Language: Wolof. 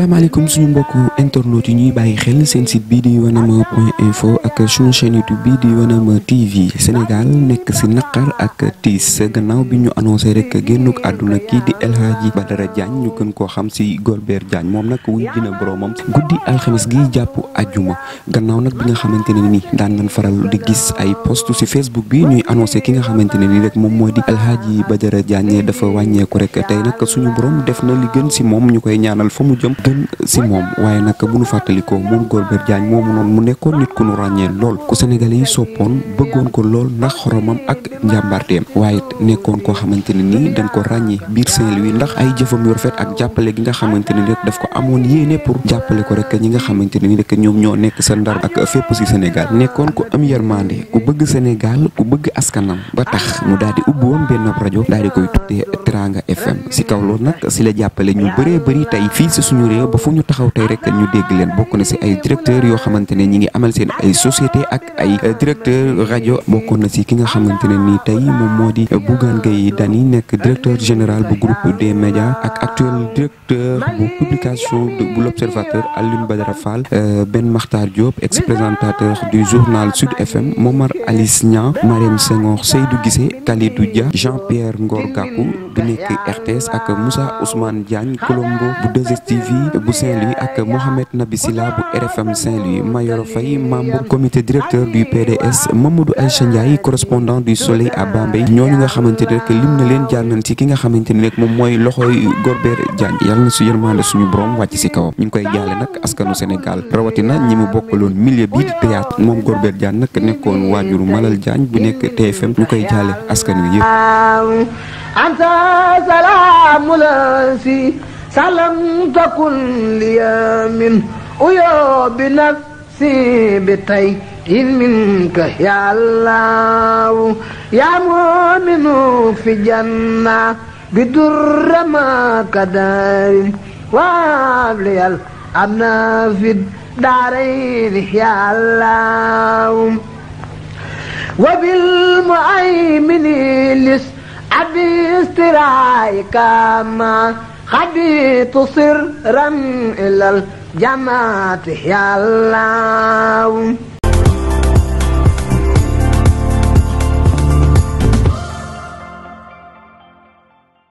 Assalamualaikum suñu mbokk internet yi ñuy xel seen site bi di wanama.info ak suñu chaîne YouTube bi di wanama TV Sénégal Nek ci nakar ak tis gannaaw bi ñu annoncé rek gennuk aduna ki di El Hadji Badara Diagne ñu gën ko xam ci Golbert Diagne mom nak wuy dina boromam guddi alxames gi japp aljuma gannaaw nak bi nga xamanteni ni daan nañ faral di gis ay post ci Facebook bi ñuy annoncé ki nga xamanteni ni rek mom moy di El Hadji Badara Diagne dafa ko rek tay nak suñu borom def na li gën ci mom ñukoy ñaanal fa mu jëm happened si waye nak buñu fatali ko mom gor ber jañ mom non mu nekkon nit ku nu ragne lol ku sénégalais yi lol beggon ko lol ndax xoromam ak njambartem waye nekkon ko xamanteni ni dañ ko ragne bir Saint-Louis ndax ay jëfëm yu rafet ak jàppale gi nga xamanteni rek daf ko amone yéene pour jàppale ko rek ñi nga xamanteni ne ni rek ñom ñoo nekk sa ndar ak fepp ci Sénégal nekkon ko am yermandé ku bëgg Sénégal ku bëgg askanam ba tax mu daldi ubbu won ben radio daldi koy tuddé Teranga FM si kaw nak sila si la jàppale ñu bëré bëri tay fi ci suñu réew ba fu fu ñu taxaw ñu dégg leen bokk na si ay directeur yoo xamante ne ñi ngi amal seen ay société ak ay rajo bokk na si ki nga xamante ne nii tey moom moo di Bougane Gueye Dany nekk directeur général bu groupe des médias ak actuel directeur bu publication bu l'observateur Alioune Badara Fall euh, Ben Makhtar Diop ex présentateur du journal Sud FM Momar Alice Niang Mariam Senghor Seydou Guissé Kalidou Dia Jean-Pierre Ngor Gakou bu nekk RTS ak Moussa Ousmane Diagne Colombo bu 2STV bu Saint-Louis ak Mohamed Nabi Silla bu RFM Saint-Louis mayor Faye membre comité directeur du PDS Mamadou Aïcha Ndiaye correspondant du Soleil à Bambey ñooñu nga xamante ne rek lim na leen jaar nañ ki nga xamante ni rek moom mooy loxoy Golbert Diagne yàlla na su yërmande suñu borom wàcc si kawam ñu ngi koy jaale nak askanu Sénégal rawatina ñi mu bokkaloon milieu bii di moom Golbert Diagne nag nekkoon waajuru Malal Diagne bu nekk TFM ñu koy jaale askan wi yëpp. سلم تكن لي من ويا بنفسي بتي منك يا الله يا مؤمن في جنة بدر ما كدار وابلي الأمن في الدارين يا الله وبالمؤمن لس أبي استراي استراعيك خدي تصر رم إلى الجماعة يا الله